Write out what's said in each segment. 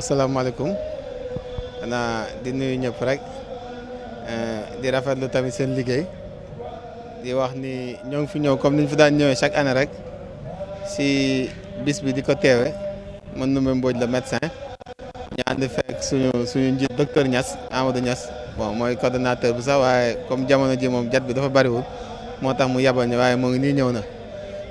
waaw salaamaaleykum xanaa di nuyu ñëpp rek eh, di rafetlu tamit seen liggéey di wax ni ñoo ngi fi ñëw comme ni fi daan ñëwee chaque année rek si bis bi di ko teewe man Ndoumbé Mbodj la médecin ñu ànd fekk suñu suñu njiit docteur Niass Amadou Niass bon mooy coordonnateur bi sax waaye comme jamono ji moom jat bi dafa bariwul moo tax mu yabal ñu waaye moo ngi nii ñëw na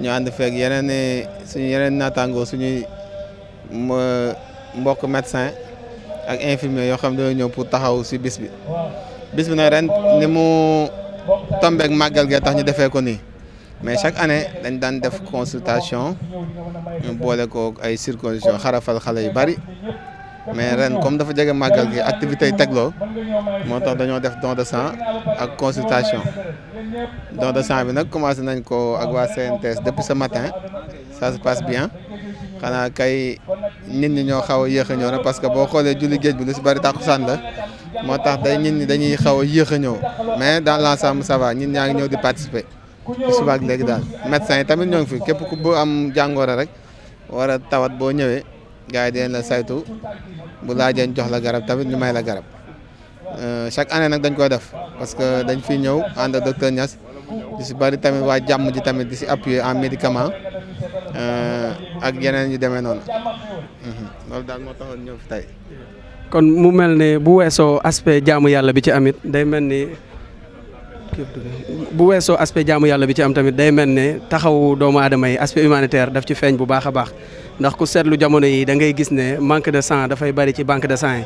ñu ànd fekk yeneen suñu yeneen naataangoo suñuy mbokk médecin ak infirmier yoo xam ne dañoo ñëw pour taxaw si bis bi bis bi nag ren ni mu tombeek màggal gee tax ñu defee ko nii mais chaque année dañ daan def consultation ñu boole ko ay circoncision xarafal xale yu bari mais ren comme dafa jege màggal gi activité yi tegloo moo tax dañoo def don de sang ak consultation don de sang bi nag commencé nañ ko ak waa CNTS depuis ce matin ça se passe bien xanaa kay nit ñi ñoo xaw a yéex a ñëw nag parce que boo xoolee julli géej bi lu si bari tàkkusaan la moo tax day nit ñi dañuy xaw a yéex a ñëw mais dans la ensemble ça va nit ñaa ngi ñëw di participer ci suba ak léegi daal. médecin yi tamit ñoo ngi fi képp ku bu am jàngoro rek war a tawat boo ñëwee gars yi dinañ la saytu bu laajee ñu jox la garab tamit ñu may la garab euh, chaque année nag dañ koy def parce que dañ fi ñëw ànd a docteur ñas di si bari tamit waa jàmm ji tamit si appuyer en médicament. Euh, ak yeneen yu demee noonu mhm. loolu daal moo taxoon ñëw fi tey. kon mu mel ne bu weesoo aspect jaamu yàlla bi ci amit day mel ni bu weesoo aspect jaamu yàlla bi ci am tamit day mel ne taxawu doomu aadama yi aspect humanitaire daf ci feeñ bu baax a baax ndax ku seetlu jamono yi dangay gis ne manque de sang dafay bari ci banque de sang yi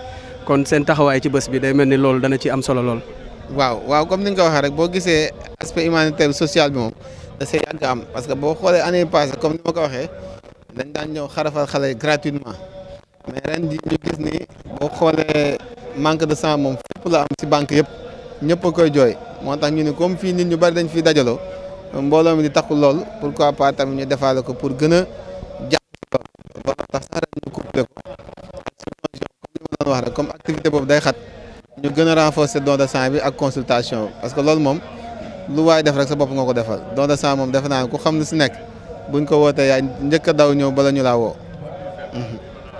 kon seen taxawaay ci bës bi day mel ni loolu dana ci am solo lool. waaw waaw comme ni nga ko waxee rek boo gisee aspect humanitaire social bi moom. da see yàgg am parce que boo xoolee année passée comme ni ma ko waxee dañ daan ñëw xarafal xale gratuitement mais ren ji ñu gis nii boo xoolee manque de sang moom fépp la am si banque yëpp ñëpp koy jooy moo tax ñu ne comme fii nit ñu bari dañ fiy dajaloo mbooloo mi di taxu lool pourquoi pas tamit ñu defaale ko pour gën a jàpp ba tax sax ren ñu couplé ko comme comme activité boobu day xat ñu gën a renforcer don de sang bi ak consultation parce que loolu moom. lu waay def rek sa bopp nga ko defal don de sang moom defe naa ku xam lu si nekk buñ ko wootee yaa njëkk a daw ñëw bala ñu laa woo.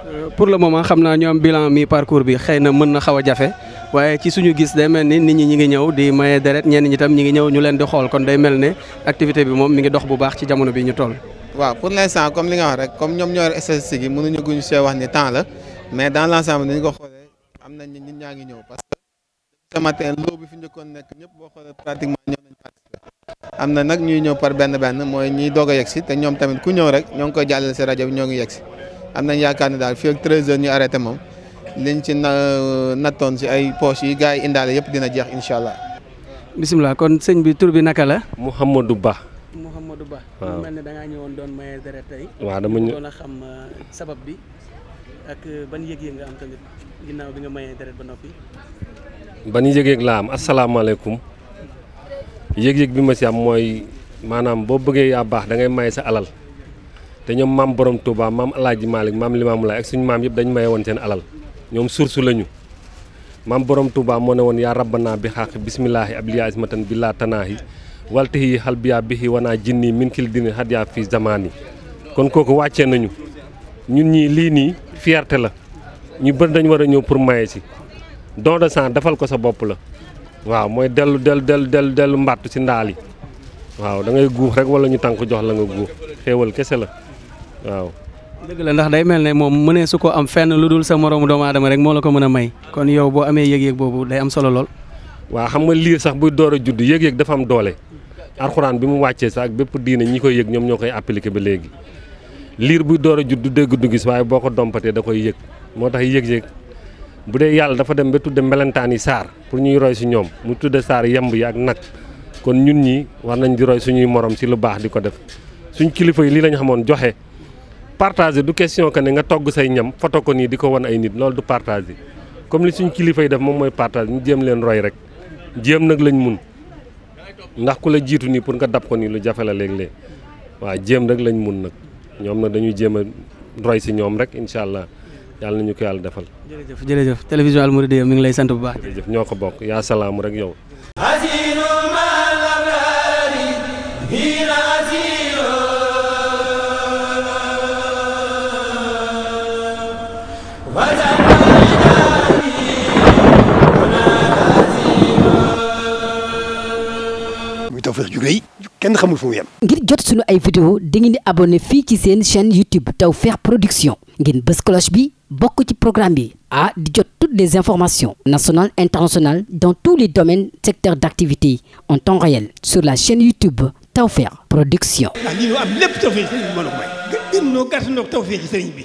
Euh, pour le moment xam naa ñu am bilan mi parcours bi xëy na mën na xaw a jafe waaye ci suñu gis day mel ni nit ñi ñu ngi ñëw di maye deret ñenn ñi tam ñi ngi ñëw ñu leen di xool kon day mel ne activité bi moom mi ngi dox bu baax ci jamono bi ñu toll. waaw pour l'instant comme li nga wax rek comme ñoom ñoo yor statistique yi wax ni temps la mais dans l'ensemble dañu ko xoolee am nañ ñaa ngi ñëw parce am na nag ñuy ñëw par benn benn mooy ñuy doog a yegg si te ñoom tamit ku ñëw rek ñoo ngi koy jàllale si rajo bi ñoo ngi yegg si am nañ yaakaar ne daal fii ak 13 heures ñu arrêté moom liñ ci na euh, nattoon si ay poches yi gars yi indaale yëpp dina jeex incha allah. bisimilah kon sëñ bi tur bi naka la. Mouhamadou Ba. Mouhamadou Ba. waaw mel ne da ngaa ñëwoon doon maye deret tey. waaw dama ñëw doon a xam euh, sabab bi ak euh, ban yëg-yëg nga am tamit ginnaaw bi nga mayee deret ba noppi. ban yëg-yëg am asalaamaaleykum. yëg-yëg bi ma si am mooy maanaam boo bëggee yaa baax da ngay maye sa alal te ñoom maam borom Touba maam El Hadj Malick maam Limaamu Laay ak suñu maam yëpp dañ maye woon seen alal ñoom source lañu maam borom Touba moo ne woon yaa rabbana bi xaq bisimilahi abliya ismatan bi laa tanaahi bi xalbiya bihi wanaa jinni min kil dini hadiya fi zamaani kon kooku wàccee nañu ñun ñii lii nii fierté la ñu bëri dañu war a ñëw pour maye si don de sang defal ko sa bopp la waaw mooy dellu dellu dellu dellu dellu mbàttu ci ndaal yi waaw da ngay guux rek wala ñu tànk jox la nga guux xéewal kese la waaw. dëgg la ndax day mel ne moom mënee su ko am fenn lu dul sa moroomu doomu aadama rek moo la ko mën a may kon yow boo amee yëg-yëg boobu day am solo lool. waaw xam nga liir sax buy door judd yëg-yëg dafa am doole arxuraan bi mu wàccee sax ak bépp diine ñi koy yëg ñoom ñoo koy appliqué ba léegi liir buy door a judd dégg du gis waaye boo ko dompatee da koy yëg moo tax yëg-yëg bu dee yàlla dafa dem ba tudde melentaan yi saar pour ñuy roy si ñoom mu tudde saar yemb yi ak nag kon ñun ñi war nañ di roy suñuy morom si lu baax di ko def suñ kilifa yi lii lañu xamoon joxe partager du question que ne nga togg say ñam foto ko nii di ko wan ay nit loolu du partager comme li suñ kilifa yi def moom mooy partage ñu jéem leen roy rek jéem nag lañ mun ndax ku la jiitu nii pour nga dab ko nii lu jafe la léeg-léeg waaw jéem rek lañ mun nag ñoom nag dañuy jéem a roy si ñoom rek incha allah. yàlla ñu ko yàlla defal. jërëjëf jërëjëf télévision Al Mouridiyyah mi ngi lay sant bu baax. ñoo ko bokk yaa salaamu rek yow. Tawfekh ju rëy kenn xamul fu mu ngir jot sunu ay vidéo dangeen di abonné fii ci seen chaîne YouTube Tawfekh Production ngeen bës cloche bi bokk ci programme bi ah di jot toutes les informations nationales internationales dans tous les domaines secteurs d'activité en temps réel sur la chaîne YouTube Tawfekh Production. ah lii loo am lépp tawfeex ci a may. bi.